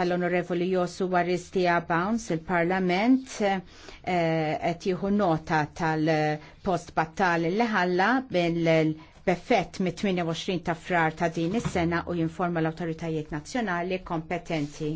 tal-Onorevoli Josu Waristia Bounce, il-Parlament eh, qed jieħu nota tal-post battali li ħalla bil-beffett mit-28 ta' frar ta' din is-sena u jinforma l-awtoritajiet nazzjonali kompetenti.